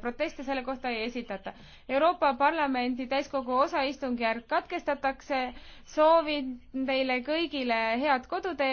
proteste selle kohta ei esitata. Euroopa Parlamendi täiskogu osaistungjärk katkestatakse. soovin teile kõigile head koduteed.